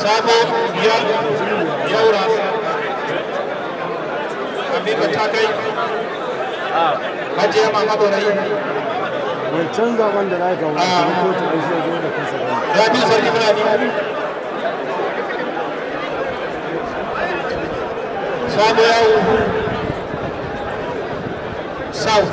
sabo biyar yaura ta kai hajiya na ah. kotu a shi yanzu da kansa ya sarki sabo south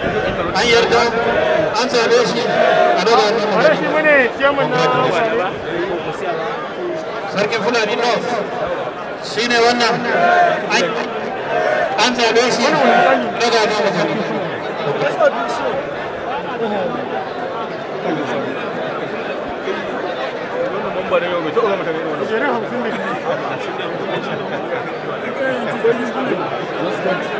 an yarda an zabe shi a daga wannan mutum shi mune ciyaman na Sarki fulani north shi ne wannan an zabe shi daga wannan mutum Thank you.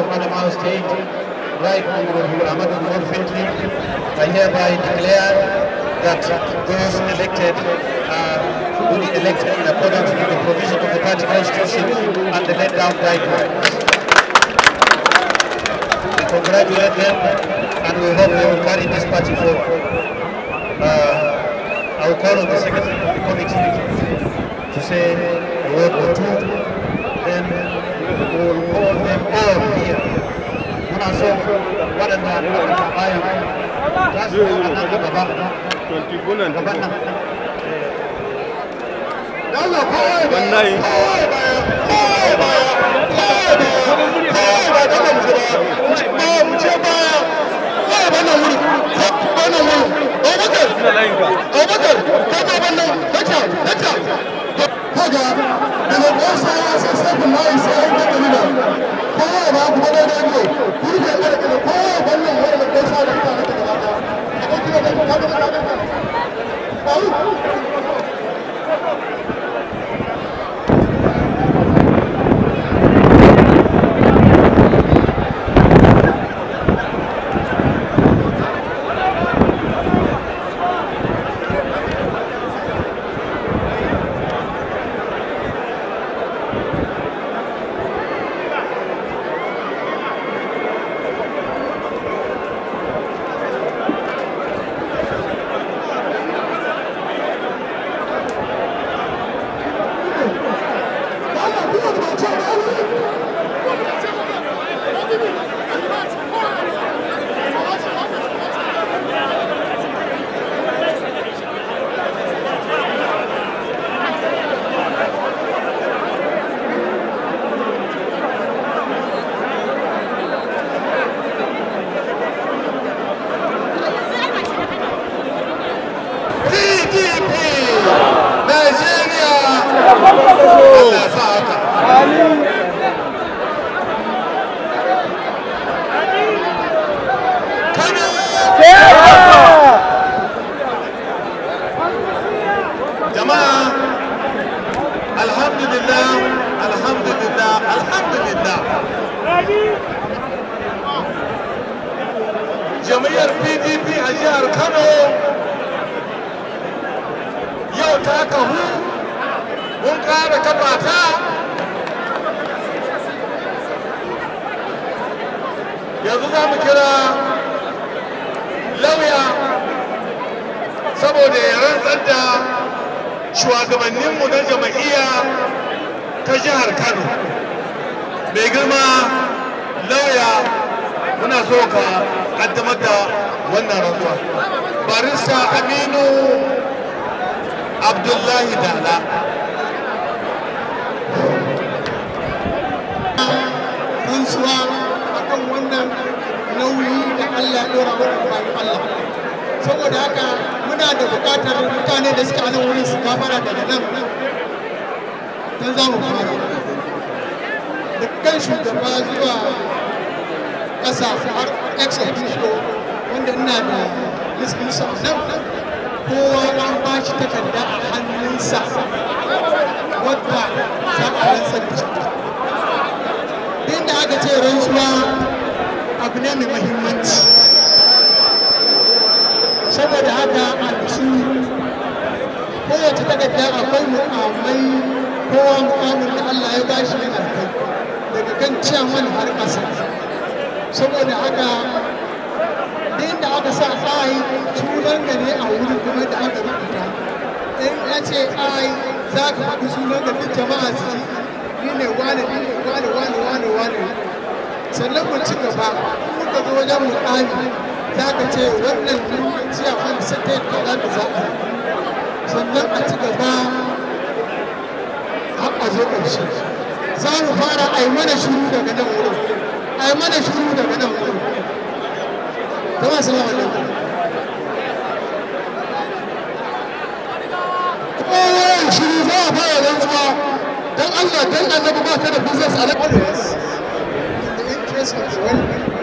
of Panama State, right Honorable Ahmad Morfitli, I hereby declare that those elected are duly elected in accordance with the provision of the party constitution and the laid down guidelines. We congratulate them and we hope they will carry this party forward. Uh, I will call on the Secretary of the Committee to say a word or two muna so waɗanda a bayan za su haka daga ƙasa ya sassafin sai kowa ba na dango kurke ƙarƙar kowa wannan wani da da ƙasa da ƙasa da ƙasa da ƙasa جماعة الحمد لله الحمد لله الحمد لله جمعية بي دي بي أجار كانوا yau ta kahu mun kara kafa ta yanzu za mu kira lauya saboda ya rantsar da shugabanninmu na jama'iyya ta jihar kano mai girma lauya muna so ka kaddamar da wannan rantsuwa barista aminu abdullahi dala rantsuwa kan wannan nauyi da allah ya dora wa Allah saboda haka muna da buƙatar mutane da suka anan wurin su gabara daga nan don za mu fara da kan shugaba zuwa ƙasa har ex officio wanda ina da liskinsa nan kowa an ba shi takarda a hannunsa wadda za a rantsar da shi inda aka ce rantsuwa abu ne mai mahimmanci saboda haka a shi kowace takarda akwai mu'amai kowa mu'amun da Allah ya ba shi yana kai daga kan ciyaman har ƙasa saboda haka din da aka sa ai sunan da ne a wurin kuma da aka rubuta in ya ce ai za ka haɗu sunan da duk jama'a su ni ne wane ni ne wane wane wane wane sannan mu ci gaba kuma ka zo wajen muƙami da aka ce wannan jiya kan state da za ta zaɓa sannan a ci gaba har a zo ƙarshe za mu fara a yi mana shuru daga nan wurin a yi mana shuru daga nan wurin jama'a salamu alaikum kowa shuru za a fara rantsuwa don allah don annabi ba ta da business a nan in the interest of the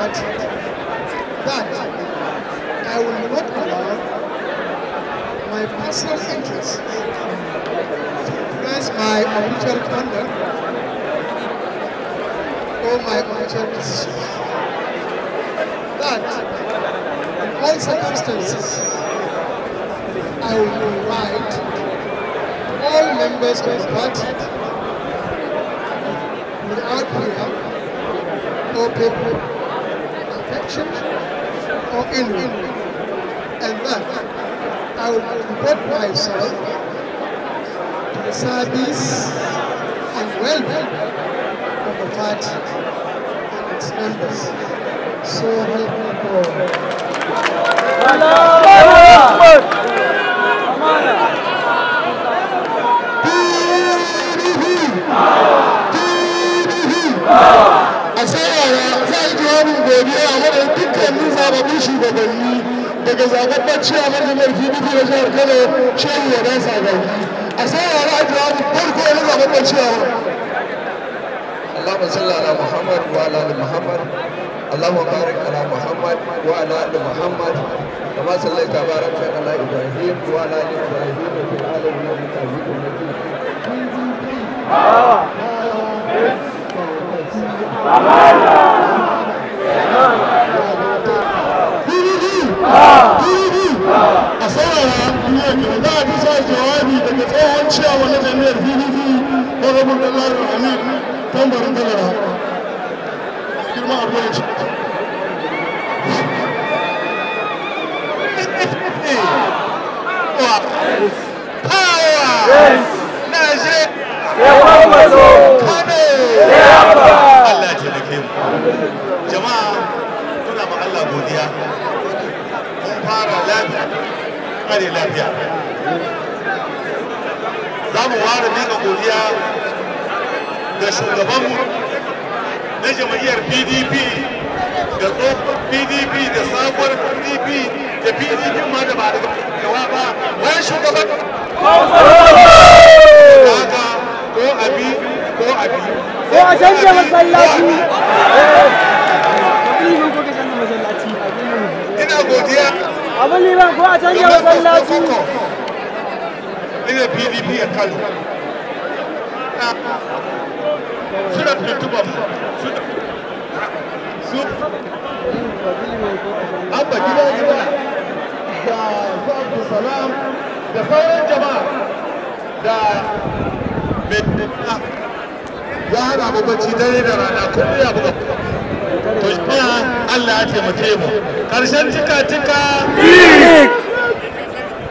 But that I will not allow my personal interests to influence my official conduct or my official decisions. That, in all circumstances, I will provide all members of the party without fear or paper destruction or injury. And that I will devote myself to the service and welfare of the party and its members. So help me God. I say, oh, I'm trying to go, yeah, sababbin shugabanni daga zababben ciyamar jami'ar pdp na jihar kano shehu wada a saurara a farko kare lafiya za mu ware mika godiya ga shugabanmu na jam'iyyar pdp da tsohon pdp da sabuwar pdp da pdp ma da ba da gawa ba wani shugaban ko abi ko abi ko a canja masallaci ina godiya abin liman ko a canja masallaci pdp a kano su abba gida gida da da sauran jama'a da mai ya hana mabanci dare da rana kuma ya buga to ina Allah ya taimake mu karshen tika tika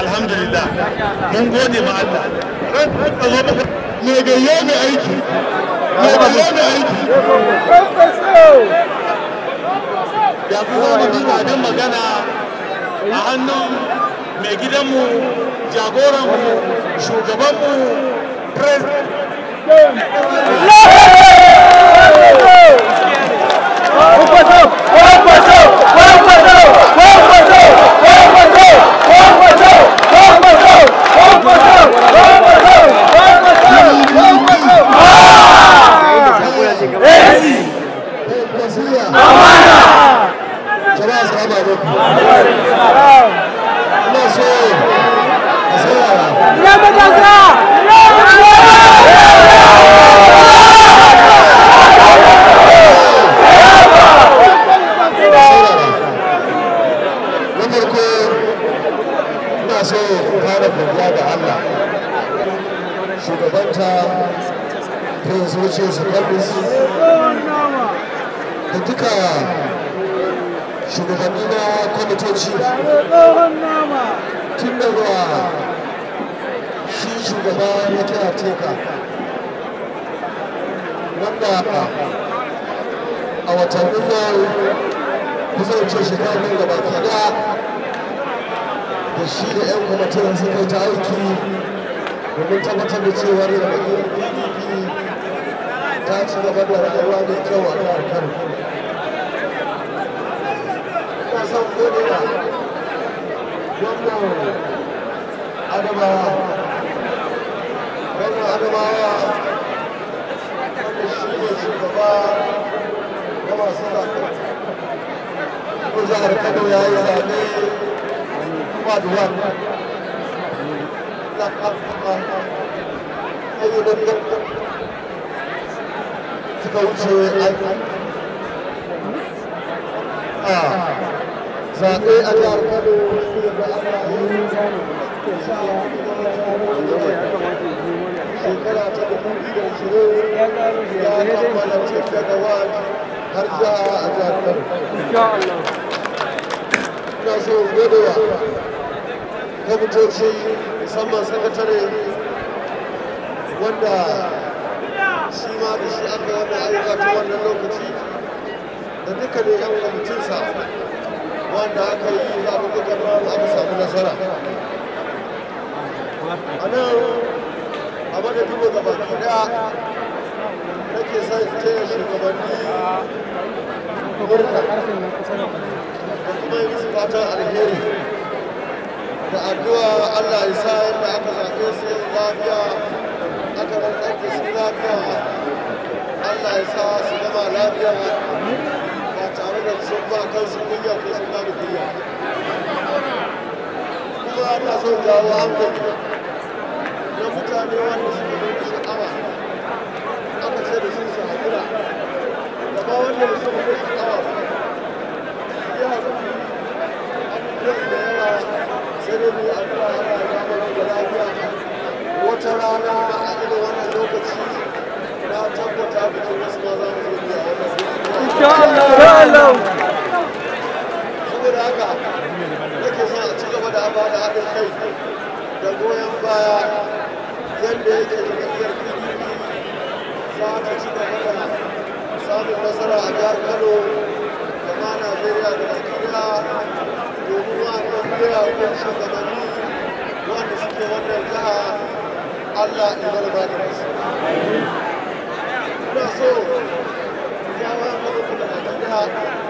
alhamdulillah mun gode ma Allah me gayyo mai aiki me gayyo mai aiki ya fi zama duba don magana a hannun mai gidanmu jagoranmu shugabanmu president Vamos, Marcão! Vamos, Marcão! tun shi shugaba ya kira teka wanda a watannin yau kusan ce shekara nan gaba ke da da shi da 'yan kwamitin suka yi ta aiki domin tabbatar da cewa da bakin pdp ta ci gaba da rayuwa da kyau a kan kano jihar kano ya yi zaɓe kuma duwa na kafa ayyukan suka wuce a zaɓe a jihar shekara ta dubu biyu da ya har a ina so in gode musamman sakatare wanda shi ma da aka ta wannan lokaci da dukkanin 'yan kwamitinsa wanda aka yi zaɓuɓɓukan nan aka samu nasara a nan a madadin mu gaba ɗaya nake son ce shugabanni murna da kuma yi musu fatan alheri da addu'a Allah ya sa yadda aka zaɓe su lafiya aka rantsar da su lafiya Allah ya sa su gama lafiya ba kansu kunya ko sun gane kunya kuma ana son jawo hankali na mutane wanda suke sha'awa aka ce da su su haƙura da ba wanda ba su nuna sha'awa ba ya da yawa sai dai mu yi addu'a ana da lafiya wata rana a wannan lokaci na tabbata bikin wasu ma za mu zo biya wannan Inshallah. haka yake sa a ci gaba da ba da haɗin kai da goyon baya yadda yake da ƙungiyar pdp za ta ci gaba da samun nasara a jihar kano da ma najeriya da najeriya domin wannan biya ko shugabanni wanda suke wannan jiha allah ya zarba da musu ina so ya wa kuma da najeriya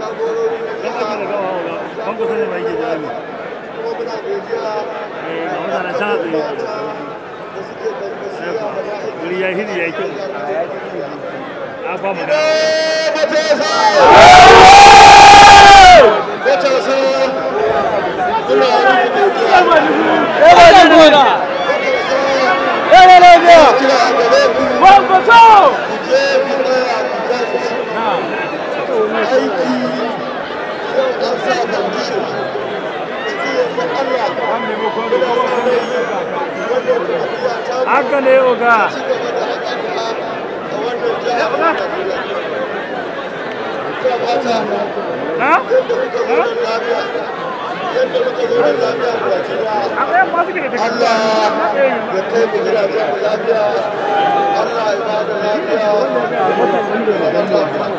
Yeah, aiki yau an haka ne oga Allah ya kai mu lafiya, Allah ya ba da lafiya,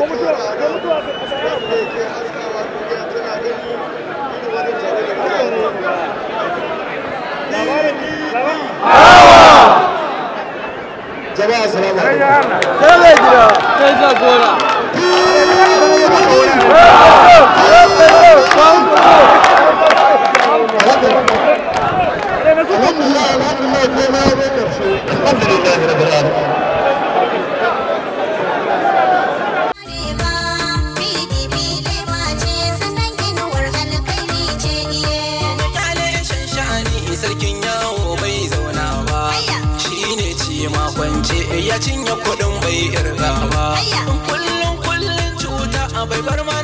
Como tu, como tu abre? Jama'a salamu alaikum. Sai zai gida. Sai jagora. الحمد لله رب العالمين الحمد لله رب العالمين ya cinye kuɗin bai irga ba kullum kullum cuta bai bar ma